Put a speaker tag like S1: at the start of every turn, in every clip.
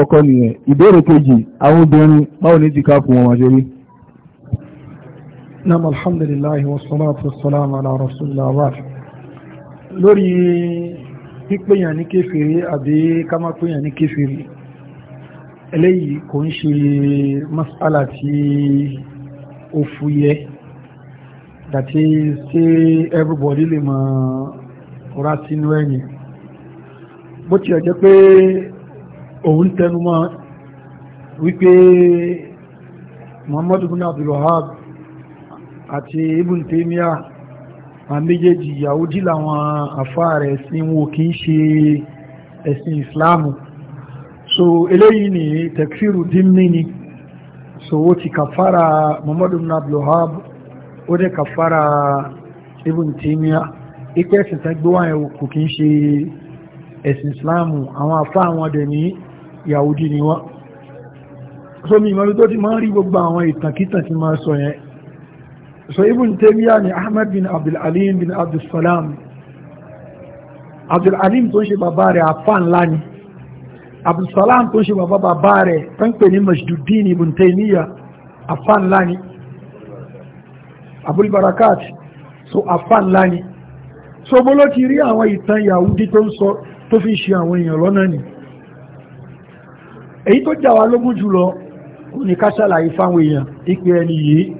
S1: àkọ́kọ́ nìyẹn ìbéèrè kejì àwọn obìnrin báwo ní ti ká fún wọn ṣe rí.
S2: nam alhamdulilayi wa salatu wa salam ala rasulillah wa lórí pípéyàn ní kéfèrè àbí ká má péyàn ní kéfèrè eléyìí kò ń ṣe masala tí ó fúyẹ́ that is say everybody lè mọ ọ̀rá sínú ẹ̀yìn bó tiẹ̀ jẹ́ pé òun tẹnumọ́ wípé muhammadu bin abdul wahab àti ibn taymiya àwọn méjèèjì yahudi làwọn àfáà rẹ̀ ẹ̀sìn wo kì í ṣe ẹ̀sìn islamu so eléyìí ni tekfiru dimni ni so ó ti kàfàrà muhammadu bin abdul wahab ó dẹ̀ kàfàrà ibn taymiya ikú ẹ̀sìn tẹ́gbọ́n ẹ̀ kò kì í ṣe ẹ̀sìn islamu àwọn àfáà wọn dẹ̀ ní yahudi ni wọ́n so mi ìmọ̀lú tó ti máa ń rí gbogbo àwọn ìtànkítàn ti máa sọ yẹn so ibn taymiya ni ahmed bin abdulalim bin abdulsalam abdulalim tó ń ṣe bàbá rẹ̀ àfa ńlá ni abdulsalam tó ń ṣe bàbá bàbá rẹ̀ tó ń pè ní majduddin ibn taymiya àfa ńlá ni abulbarakat so àfa ńlá ni so bó ti rí àwọn ìtàn yahudi tó ń sọ tó fi ṣe àwọn èèyàn lọ́nà ni èyí tó jà wá lógún jùlọ ó ní ká ṣàlàyé fáwọn èèyàn ìpè ẹni yìí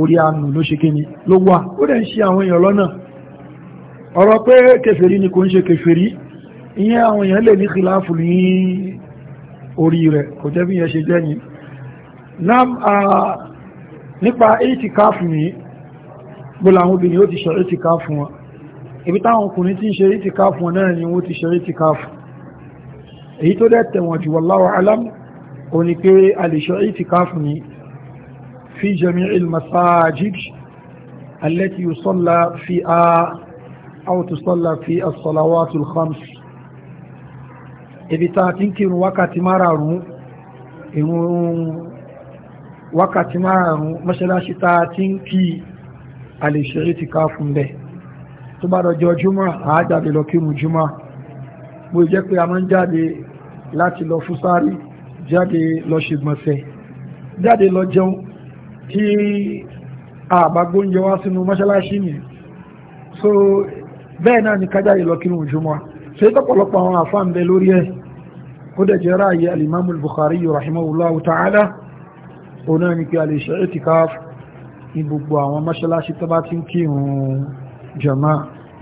S2: orí àánú ló ṣe kíni ló wà ó dẹ̀ ń ṣe àwọn èèyàn lọ́nà ọ̀rọ̀ pé kèfèrí ni kò ń ṣe kèfèrí ìyẹn àwọn èèyàn lè ní kìláàfù ní orí rẹ̀ kò jẹ́ bí yẹn ṣe jẹ́ yìí nípa ìtìkáàfù ní gbọ́lá àwọn obìnrin ó ti ṣe ìtìkáàfù wọn ibi táwọn ọkùnrin ti ń ṣe ìtìkáàfù wọn náà ni wọ́n ti ṣe ìtìkáàfù èyí tó dẹ̀ tẹ̀wọ̀n jù wallahu alam o ni pé a lè ṣe ìtìkáfù ní fi jami'il masajid allati yusalla fi a aw tusalla fi as-salawatul khams ibi ta ti ń kírun wákàtí márààrún ìrun wákàtí márààrún mọ́ṣáláṣí ta ti ń kí a lè ṣe ìtìkáfù ń bẹ́ẹ̀ tó bá dọjọ́ júmọ́ àájáde lọ kírun júmọ́ bó jẹ́ pé a máa ń jáde láti lọ fún sáré jáde lọ ṣègbọ̀nsẹ̀ jáde lọ jẹun tí àbágbóúnjẹ wá sínú mọ́ṣáláṣí nìyẹn so bẹ́ẹ̀ náà ni kájáde lọ kírun òjòmọ́ ṣe tọ́pọ̀lọpọ̀ àwọn àfáà ń bẹ lórí ẹ̀ ó dẹ̀ jẹ́ ráàyè alimamu Bukhari rahimahullahu ta'ala òun náà ni pé a lè ṣe itikaf ní gbogbo àwọn mọ́ṣáláṣí tó bá ti ń kírun jàmá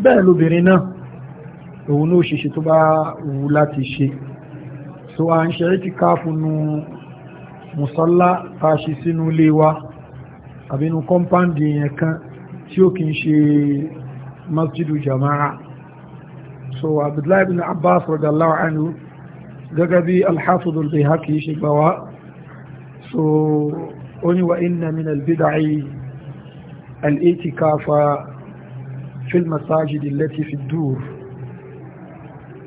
S2: bẹ́ẹ̀ lóbìnrin náà òun náà ṣiṣẹ́ tó bá wù láti ṣe so à ń ṣe ìtìkáàfù nu mùsọ́lá tá a ṣe sínú ilé wa àbí nu kọ́mpáǹdì yẹn kan tí ó kì í ṣe masjidu jama'a so abdullahi bin abbas radallahu anhu gẹ́gẹ́ bí alhassan al-bihaki ṣe gbà wá so ó ní wa inna min al-bid'i al-itikafa fi al-masajid fi ad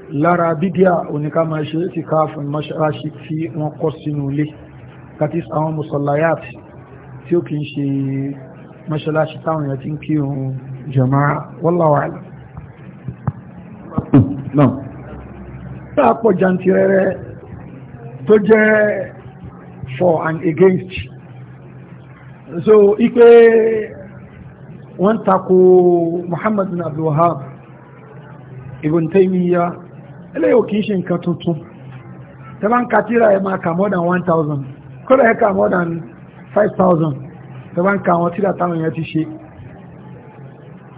S2: lára bídíà oníká máa ṣe ti ká fún mọ́ṣáláṣí tí wọ́n kọ́ sínú ilé kàtí àwọn mùsọ̀láyàt tí ó kì í ṣe mọ́ṣáláṣí táwọn èèyàn ti ń kí ohun jàmáà wallahu a'lam. náà pọ̀ jantirẹrẹ tó jẹ́ for and against so ipe wọ́n tako Muhammadu bin Abdul Wahab Ibn Taymiyyah eléyìí ò kìí ṣe nǹkan tuntun tẹ́bá ń ka ẹ̀ máa kà more than one thousand kódà ẹ̀ kà more than five thousand tẹ́bá ń ka àwọn tíra táwọn èèyàn ti ṣe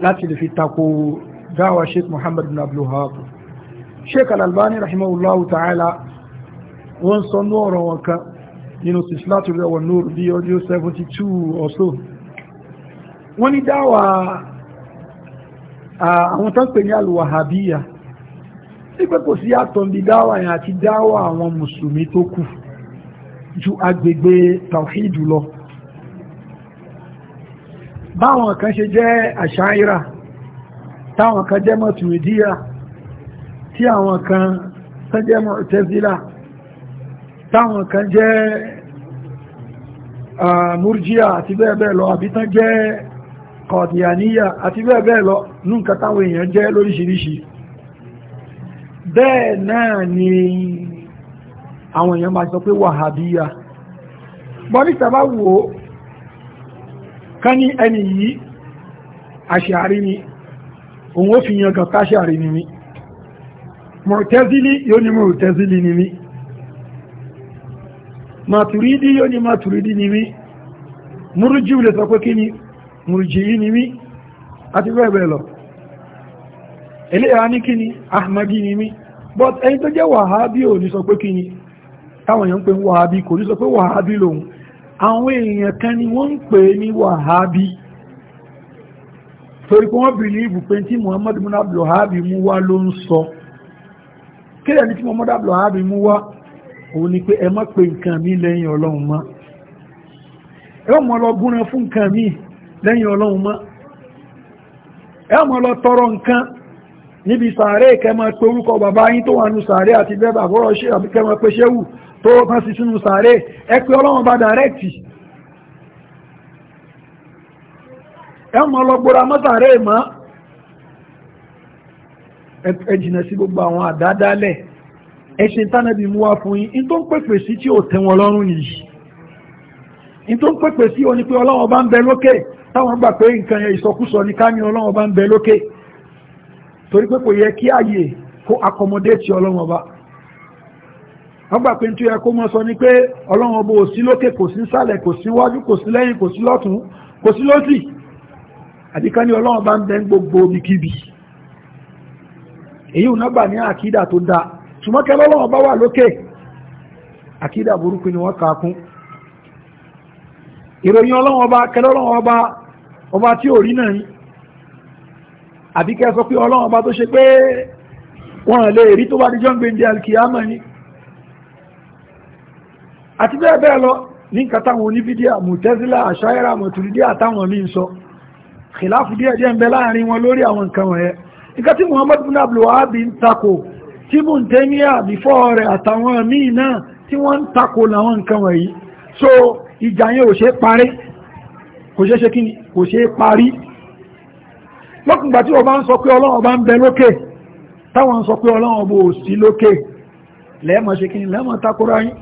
S2: láti lè fi tako dáwà sheikh muhammad bin abdul wahab sheikh al-albani rahimahullahu ta'ala wọ́n sọ ní ọ̀rọ̀ wọn kan nínú sislatu rẹ̀ wọ̀ nóòrù bí ọdún seventy two or so wọ́n ní dáwà àwọn tó ń pè ní al pé kò sí yàtọ̀ bí dáwà yẹn àti dáwà àwọn mùsùlùmí tó kù ju agbègbè tàwíìdù lọ báwọn kan ṣe jẹ́ àṣáírà táwọn kan jẹ́ mọ̀tùmídíyà tí àwọn kan sẹ́jẹ́ mọ̀tẹ́sílà táwọn kan jẹ́ múrjíà àti bẹ́ẹ̀bẹ́ẹ̀ lọ àbí tán jẹ́ kọ̀dìyàníyà àti bẹ́ẹ̀bẹ́ẹ̀ lọ nǹkan táwọn èèyàn jẹ́ lóríṣìíríṣìí bẹ́ẹ̀ náà ni àwọn èèyàn máa sọ pé wàhábíyà bọ́ ní sábà wò ó ká ní ẹni yìí àṣàrí ni òun ó fi yan kan táṣàrí ni mi mọ̀tẹ́zílì yóò ní mọ̀tẹ́zílì ni mi màtùrídí yóò ní màtùrídí ni mi múrújíù lè sọ pé kí ni múrújíù ni mi àti bẹ́ẹ̀ bẹ́ẹ̀ lọ eléyà ní kí ni ahmadi ni mí but ẹni tó jẹ́ wàhábí ò ní sọ pé kí ni táwọn èèyàn ń pè ní wàhábí kò ní sọ pé wàhábí lòun àwọn èèyàn kan ni wọ́n ń pè ní wàhábí torí pé wọ́n bìlíìbù pé tí muhammad abdul wahab mu wá ló ń sọ kílẹ̀ ní tí muhammad ni pé ẹ má pe nǹkan mi lẹ́yìn ọlọ́run mọ́ ẹ fún nǹkan mi lẹ́yìn ọlọ́run mọ́ tọrọ nǹkan níbi sàárè kẹmọ pé orúkọ bàbá yín tó wà nù sàárè àti bẹ́bà fọ́rọ̀ ṣe àbí kẹmọ pé ṣéwù tó tán sí sínú sàárè ẹ pé ọlọ́run bá dàrẹ́kì ẹ mọ ọlọgbọra mọ sàárè mọ ẹ jìnà sí gbogbo àwọn àdádálẹ̀ ẹ ṣe tánàbí mú wá fún yín in tó ń pèpè sí tí ò tẹ́ lọ́rùn yìí in tó ń pèpè sí ọ ni bá ń bẹ lókè táwọn gbà pé nǹkan ìsọkúsọ ni ká ní bá ń bẹ lókè torí pé kò yẹ kí ààyè kó accommodate ọlọ́run ọba wọ́n gbà pé ní tó yẹ kó mọ́ sọ ni pé ọlọ́run ọba ò sí lókè kò sí sàlẹ̀ kò sí wájú kò sí lẹ́yìn kò sí lọ́tún kò sí ní ọlọ́run ọba ń gbogbo ibikíbi èyí ò náà gbà ní àkídà tó dáa ṣùgbọ́n wà lókè àkídà burúkú ni wọ́n ọba kẹlẹ́ ọba àbí kẹ́ sọ pé ọlọ́run ọba tó ṣe pé wọ́n lè rí tó bá di jọ́ǹgbé ní alkiyama ni àti bẹ́ẹ̀ bẹ́ẹ̀ lọ ní nǹkan táwọn onífídíà mùtẹ́sílà àṣáyẹ́rà mọ̀tùrídíà àtàwọn míì sọ kìláàfù díẹ̀ díẹ̀ ń bẹ láàrin wọn lórí àwọn nǹkan wọ̀nyẹn nǹkan tí Muhammad bin Abdul Wahab ń takò tí mùtẹ́míà bífọ́ rẹ̀ àtàwọn míì náà so ìjà yẹn ò ṣe parí kò ṣe lọ́kùngbà tí wọ́n bá ń sọ pé ọlọ́run bá ń bẹ lókè táwọn ń sọ pé ọlọ́run bó sí lókè lẹ́ẹ̀mọ̀ ṣe kí ni lẹ́ẹ̀mọ̀ takora yín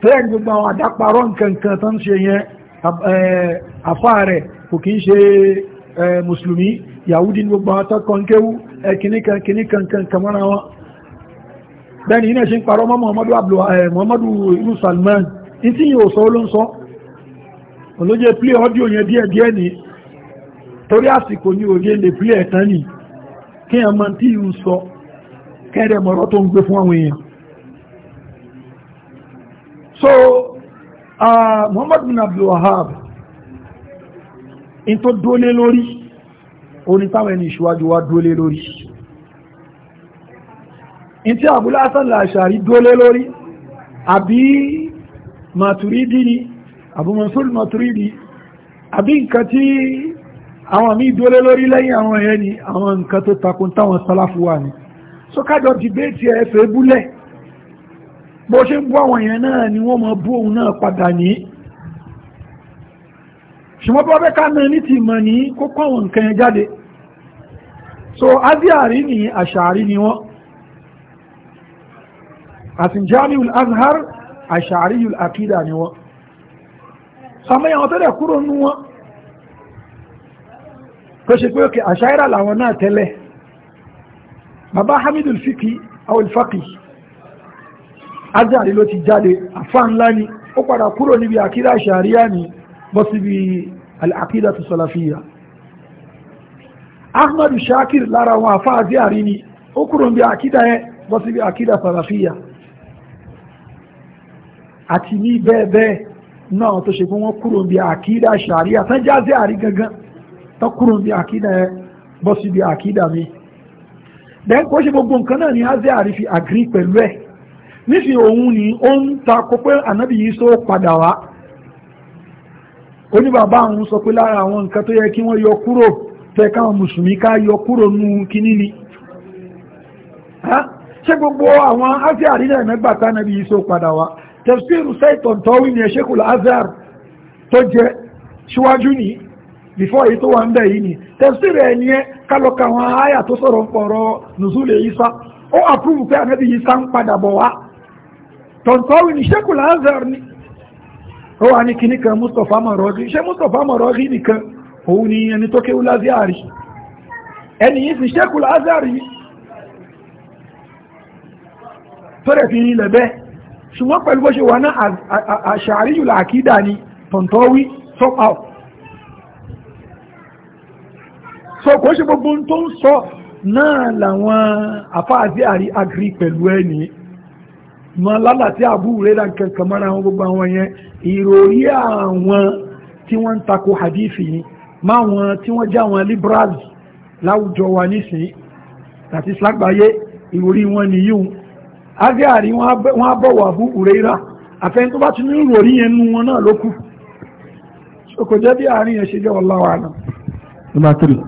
S2: tẹ́ẹ̀ gbogbo àwọn àdáparọ́ nǹkankan tó ń ṣe yẹn àfá rẹ̀ kò kí ń ṣe mùsùlùmí yahudi gbogbo àwọn tọ́kọ̀ kéwú kìníkan ń torí àsìkò ní òye lè pílẹ̀ ẹ̀tàn ní kí ẹ mọ tí ìhù sọ kẹ́rẹ̀ mọ̀rọ̀ tó ń gbé fún àwọn èèyàn so uh, Muhammad bin Abdul Wahab in tó dólé lórí orin táwọn ẹni ìṣíwájú wa dólé lórí in tí Abul Hasan al-Ash'ari dólé lórí àbí Maturidi ni Abu Mansur Maturidi àbí nǹkan tí àwọn míì dúró lórí lẹ́yìn àwọn ẹ̀yẹ́ ni àwọn nǹkan tó takun táwọn sálàfù wà so kájọ dìbéètì ẹ̀ fẹ́ búlẹ̀ bó ṣe ń bú àwọn èèyàn náà ni wọ́n mọ bú òun náà padà ní ṣùgbọ́n bọ́ bẹ́ẹ̀ ká náà ní ti mọ̀ ní kókó àwọn nǹkan yẹn jáde so azíàrí ni àṣàrí ni wọ́n àtìjáníul azhar àṣàríyul àkídà ni wọ́n sàmẹ́yàn tó dẹ̀ kúrò nú wọn kò ṣe pé òkè àṣáírà làwọn náà tẹ́lẹ̀ bàbá hamidul fiki awul faki azari ló ti jáde àfáà ńlá ni ó padà kúrò níbi àkídà ṣàríà ni bọ́ síbi alakida tó sọlàfíà ahmadu shakir lára wọn àfáà zíàrí ni ó kúrò níbi àkídà yẹn bọ́ síbi àkídà sọlàfíà àti ní bẹ́ẹ̀ bẹ́ẹ̀ náà tó ṣe pé wọ́n kúrò níbi àkídà ṣàríà tán jáde àrí gangan tó kúrò bí àkídà ẹ bọ́ sí mi then kó ṣe gbogbo nǹkan náà ni azia rí fi agree pẹ̀lú ẹ̀ nífi òun ni ó ń ta kó pé ànábì yìí sọ padà wá oníbàbá àwọn sọ pé lára àwọn nǹkan tó yẹ kí wọ́n yọ kúrò tẹ káwọn mùsùlùmí ká yọ kúrò nù kíní ni ṣé gbogbo àwọn azia rí náà mẹ́gbà tá ànábì yìí sọ padà wá tafsir sẹ́ìtàn tọ́wí ni ẹ̀ṣẹ́kùlá azar tó jẹ síwájú nìyí before èyí tó wà ń bẹ̀ yìí ni tafsir rẹ̀ ni ẹ́ kálọ́ka àwọn àyà tó sọ̀rọ̀ ń pọ̀rọ̀ nùzúlẹ̀ Isa ó àpúrù pé ànábì Isa ń padà bọ̀ wá tọ̀ntọ́wì ní Sheikhul Azhar ni ó wà ní kíní kan Mustapha Maraghi ṣé Mustapha Maraghi nìkan òun ni ẹni tó kéwú Al-Azhar ẹni yìí sì Sheikhul Azhar yìí tọ́rẹ̀ fi ilẹ̀ bẹ́ẹ̀ ṣùgbọ́n pẹ̀lú bó ṣe wà náà àṣàríyù làkídà ni tọ̀ntọ́wì top out so kò ṣe gbogbo tó ń sọ náà làwọn àfáàzí àrí agri pẹ̀lú ẹni mọ lálàtí àbúrò rẹ̀ kankan mọ́ra wọn gbogbo àwọn yẹn ìròrí àwọn tí wọ́n ń takò hadithi yìí máwọn tí wọ́n já wọn liberals láwùjọ wa nísìn àti lágbàáyé ìròrí wọn nìyíun agbáàrí wọn á bọ̀wọ̀ àbú ureira àfẹ́yìn tó bá tún ní ìròrí yẹn nú wọn náà ló kù kò jẹ́ bí àárín yẹn ṣe jẹ́ wallahu a'lam. number three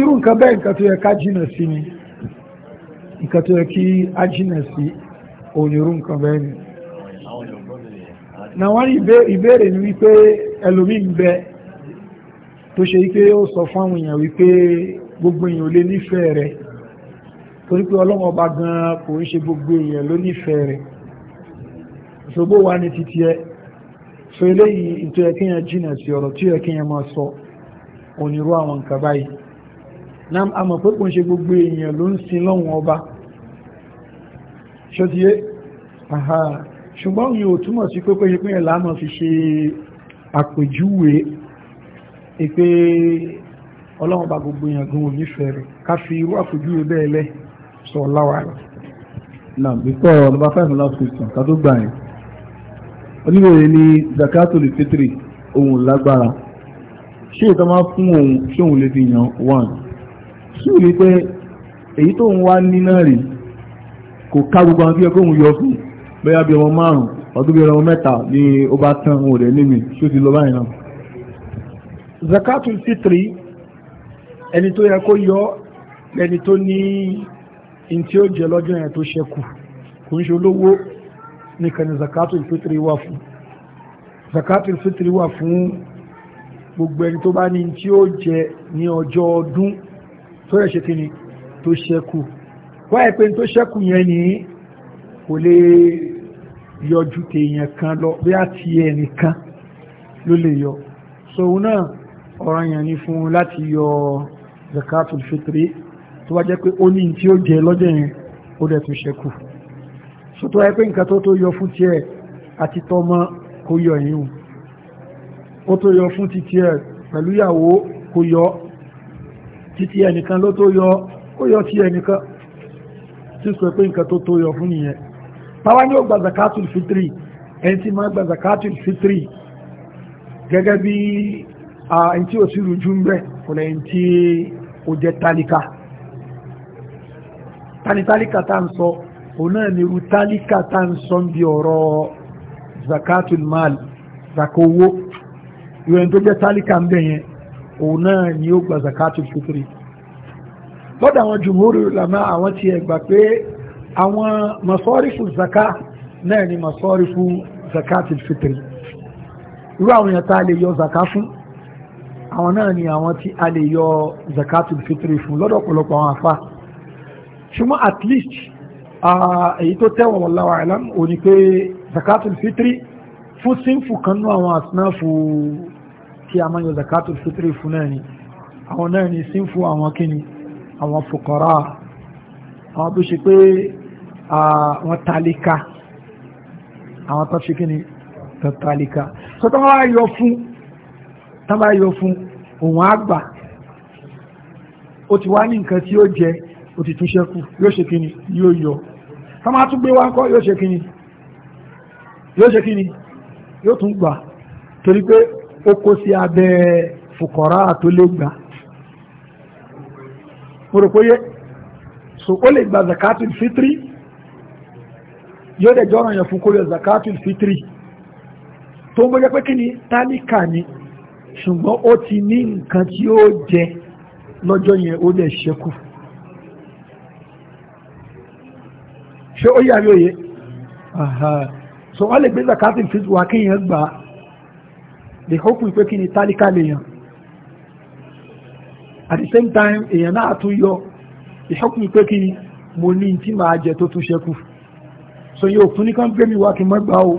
S2: irú nǹkan bẹ́ẹ̀ nǹkan tó yẹ ká jìnà sí ni nǹkan tó yẹ kí á jìnà sí òun nǹkan bẹ́ẹ̀ ni na wọ́n ìbéèrè ni wípé ẹlòmí ń bẹ tó ṣe wípé ó sọ fáwọn èèyàn wípé gbogbo èèyàn ò lè nífẹ̀ẹ́ rẹ̀ torí pé ọlọ́mọ ọba gan kò ń ṣe gbogbo èèyàn ló nífẹ̀ẹ́ rẹ̀ ṣògbó wa ní titi ẹ so eléyìí ìtò ẹ̀kẹ́yàn jìnà sí ọ̀rọ̀ tí ẹ̀kẹ́yàn máa sọ onírú àwọn nǹkan báyìí náà a mọ̀ pé kò ń ṣe gbogbo èèyàn ló ń sin lọ́wọ́n ọba ṣọ́tíyé ṣùgbọ́n yìí ò túmọ̀ sí pé pé yẹn láàmọ̀ fi ṣe àpèjúwe pé ọlọ́wọ́n bá gbogbo èèyàn gan onífẹ̀ẹ́ rẹ̀ ká fi irú àpèjúwe bẹ́ẹ̀ lẹ́ sọ láwa rẹ̀.
S1: now before number five last question ká tó gbà yẹn oníbèrè ní zakatul fitri ohun lágbára ṣé ìtọ́ máa fún òun ṣé òun lè fi yan one ṣùgbọ́n wípé èyí tó ń wá ní náà rí kò ká gbogbo àwọn tí ẹ kóhun yọ fún bẹ́yà bí ọmọ márùn ọdún bí ọmọ mẹ́ta ni ó bá tán òun rẹ̀ nímì ṣó ti lọ báyìí náà. zakatul fitri ẹni tó yẹ kó
S2: yọ ẹni tó ní in tí ó jẹ lọ́jọ́ yẹn tó ṣẹkù kò ń ṣe olówó nìkan ni zakatul fitri wà fún zakatul fitri wà fún gbogbo ẹni tó bá ní in tí ó jẹ ní ọjọ́ ọdún tó rẹ̀ ṣe kí ni tó ṣẹ́kù wá ẹ̀ pé tó ṣẹ́kù yẹn ni kò lè yọjú tèèyàn kan lọ bí á ti ẹnìkan ló lè yọ sòun náà ọ̀ràn yẹn ni fún láti yọ zakatul fitri tó wá jẹ́ pé ó ní tí ó jẹ lọ́jọ́ yẹn ó dẹ̀ tún ṣẹ́kù so tó wá pé nǹkan tó tó yọ fún tiẹ̀ àti tọmọ kò yọ yìí ó tó yọ fún ti tiẹ̀ pẹ̀lú ìyàwó kò yọ títí ẹnìkan ló tó yọ ó yọ tí ẹnìkan tí sọ pé nǹkan tó tó yọ fún nìyẹn báwa ni ó gba zakatul fitri ẹni tí máa gba zakatul fitri gẹ́gẹ́ bí ẹni tí ò sí rújú ń bẹ̀ kò lẹ́yìn tí ó jẹ́ tálíkà tánitálíkà tá ń sọ òun náà ni irú tálíkà tá ń sọ ń bí ọ̀rọ̀ zakatul mal zakowó ìwẹ̀n tó jẹ́ tálíkà ń bẹ̀ yẹn òun náà ni ó gba zakatul fitri lọ́dọ̀ àwọn jùmúrù làmá àwọn ti ẹ̀gbà pé àwọn masọ́rífù zaka náà ni masọ́rífù zakatul fitri irú àwọn èèyàn tá a lè yọ zaka fún àwọn náà ni àwọn tí a lè yọ zakatul fitri fún lọ́dọ̀ ọ̀pọ̀lọpọ̀ àwọn afá ṣùgbọ́n at least èyí tó tẹ́wọ̀n wallahu a'lam òní pé zakatul fitri fún sínfù kan nú àwọn asnáfù tí a máa yọ zakatul fitri fún náà ni àwọn náà ni sí fún àwọn kíni àwọn fòkọ̀rá àwọn tó ṣe pé àwọn tàlíkà àwọn tó ṣe kíni tàlíkà tó tó wá yọ fún tó bá yọ fún òun àgbà ó ti wá ní nǹkan tí ó jẹ ó ti tún ṣẹ́kù yóò ṣe kíni yóò yọ tó máa tún gbé wá kọ́ yóò ṣe kíni yóò ṣe kíni yóò tún gbà torí pé ó kó sí abẹ́ fùkọ́rá tó lè gbà mo rò pé yé so ó lè gba zakatul fitri yóò dẹ̀ jọ́ràn yẹn fún kó yọ zakatul fitri tó ń bọ́jọ́ pé kí ni tálíkà ni ṣùgbọ́n ó ti ní nǹkan tí ó jẹ lọ́jọ́ yẹn ó dẹ̀ ṣẹ́kù ṣé ó yà lóye so wọ́n lè gbé zakatul fitri wá kéèyàn gbà á the hope pé kí ni tálíkà lèèyàn at the same time èèyàn náà tún yọ the hope pé kí ni mo ní tí màá jẹ tó tún ṣẹ́kù so yóò fún nìkan gbé mi wá kí n mọ́ gbà ó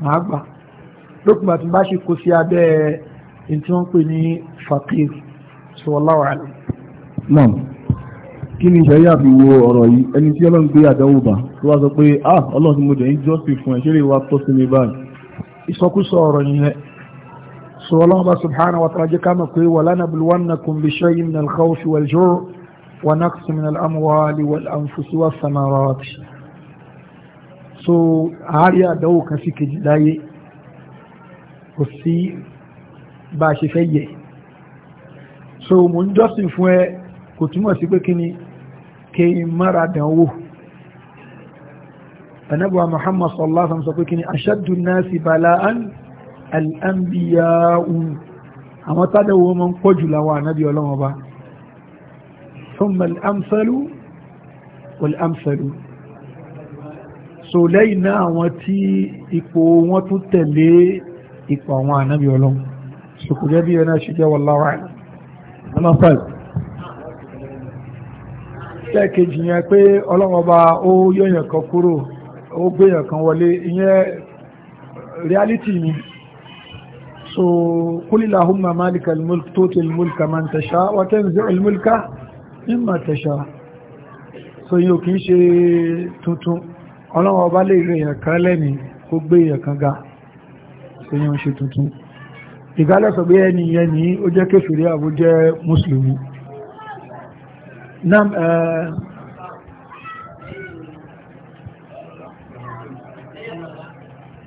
S2: màá gbà lópin àti bá ṣe kó sí abẹ́ ẹni tí wọ́n pè ní fakir so wallahu alam.
S1: naam kí ni ìṣẹ́yà fi wo ọ̀rọ̀ yìí ẹni tí ọlọ́run gbé àdánwò bá tó wá sọ pé ah ọlọ́run tí mo jẹ́ ń jọ́sìn fún ẹ̀ ṣé lè wá tọ́sí mi báyìí. ìsọkúsọ ọ̀rọ̀ yìí
S2: سو الله سبحانه وتعالى كما قال ولنبلونكم بشيء من الخوف والجوع ونقص من الأموال والأنفس والثمرات so àárẹ̀ àdánwò kan sí kejì láyé kò sí bá a ṣe fẹ́ yẹ so mo ń jọ́sìn fún ẹ kò túmọ̀ sí pé kíni kí n mára dánwò anábọ̀ muhammad sallallahu alaihi wasallam sọ pé kíni ashaddu an-nasi bala'an al-anbiya'u àwọn tádẹ̀wò mọ́ ń pọ̀ jù láwọn ànábì ọlọ́wọ́ bá thumma al-amsalu wal-amsalu so lẹ́yìn náà àwọn tí ipò wọn tún tẹ̀lé ipò àwọn ànábì ọlọ́wọ́ so kò jẹ́ bí ẹ ṣe jẹ́ wallahu a'lam reality ni so kulilahumma malikal mulk tutil mulka man tasha wa tanzi'ul mulka mimma tasha so yíò kìí ṣe tuntun ọlọ́wọ́ ọba lè rẹ̀ èèyàn kan lẹ́ni kó gbé èèyàn kan ga so yíò ṣe tuntun ìgálẹ́sọ̀ pé ẹni yẹn ní ó jẹ́ kéfèrè àbó jẹ́ mùsùlùmí nam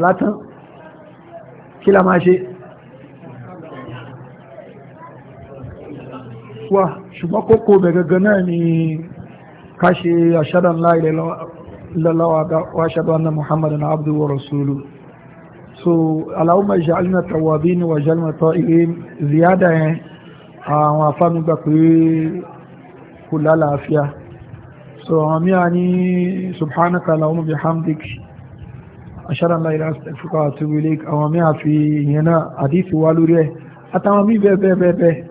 S2: látán kí la máa ṣe wà ṣùgbọ́n kókó bẹ̀ gangan náà ni ká ṣe ashhadu an la ilaha illallah wa ashhadu anna muhammadan abduhu wa rasuluhu so allahumma ij'alna tawwabin wa ij'alna ta'irin ziyada yẹn àwọn afámi gbà pé kò lálàáfíà so àwọn míà ní subhanaka allahumma bihamdik ashhadu an la ilaha astaghfiruka wa atubu ilayk àwọn míà fi ìyẹn náà àdífi wá lórí ẹ̀ àtàwọn míì bẹ́ẹ̀ bẹ́ẹ̀ bẹ́ẹ̀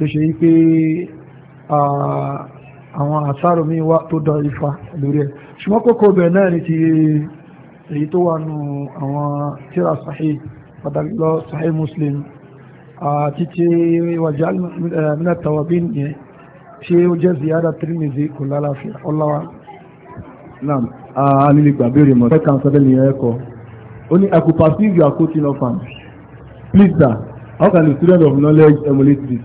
S2: tó ṣe yí pé àwọn àsáró mi wá tó dán ifá lórí ẹ̀ ṣùgbọ́n kókó bẹ̀ náà ni ti èyí tó wà nù àwọn tíra sahih pàtàkì lọ sahih muslim títí wàjá mínà tawabin yẹn ṣé ó jẹ́ ziyada tirimizi kò lálàáfíà ọláwa.
S1: naam a nílé gbàgbére mọ̀ fẹ́ kan sọ́dọ̀ nìyẹn ẹ̀kọ́ ó ní i could perceive your coaching please sir how can the student of knowledge emulate this.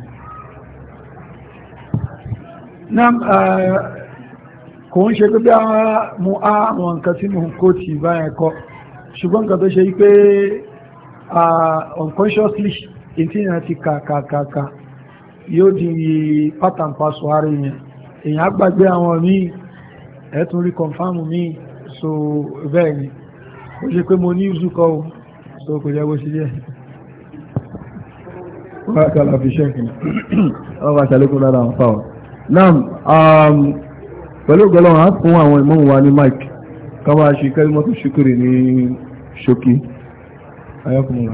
S2: Ah, kò ń ṣe pípẹ́ mú àwọn nǹkan tí mò ń kó tì báyẹn kọ́ ṣùgbọ́n nǹkan tó ṣe pé ah, unconsciously ìtìyàn ti kàkàkàkà yóò di pattern paṣọ ara èèyàn èèyàn gbàgbé àwọn míì ẹ̀tún rí confam míì so bẹ́ẹ̀ ni ó ṣe pé mo ní ìzú kọ́ o so kò jẹ́ bó ṣe jẹ́
S1: wọ́n á kàlà fi ṣẹ́kì ọba ṣàlékún lára àwọn fáwọn náà um, pẹ̀lú ọgọ́lọ́wọ́ a fún àwọn ìmọ̀ wa ní mike ká bá ṣe kẹ́lí mọ́tò ṣúkúrì ní ṣókí ayọ́kùnrin